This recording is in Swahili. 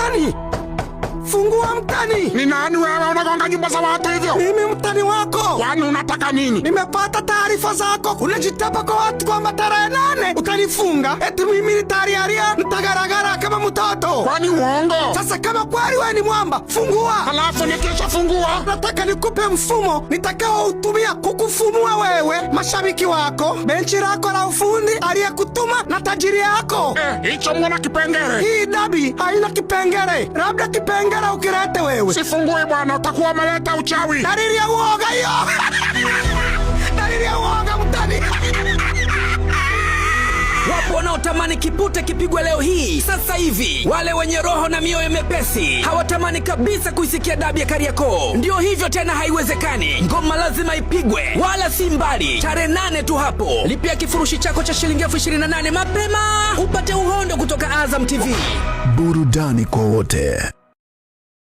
mtani. Fungua mtani. Ni nani wewe unagonga nyumba za watu hivyo? Mimi mtani wako. Yaani unataka nini? Nimepata taarifa zako unajitapa kwa watu kwamba tarehe nane utanifunga eti mimi ni taarifa Kwani uongo? Sasa kama kweli wewe ni mwamba, fungua. Halafu nikisha fungua, nataka nikupe mfumo nitakao utumia kukufumua wewe, mashabiki wako, benchi lako la ufundi, aliyekutuma na tajiri yako. Eh, hicho mwana kipengere. Hii dabi haina kipengere, labda kipengere ukilete wewe. Sifungui bwana, utakuwa umeleta uchawi, dalili ya uoga hiyo. wanaotamani kipute kipigwe leo hii sasa hivi. Wale wenye roho na mioyo mepesi hawatamani kabisa kuisikia dabi ya Kariakoo. ndio hivyo tena, haiwezekani. Ngoma lazima ipigwe, wala si mbali. Tarehe nane tu hapo. Lipia kifurushi chako cha shilingi elfu ishirini na nane mapema upate uhondo kutoka Azam TV, burudani kwa wote.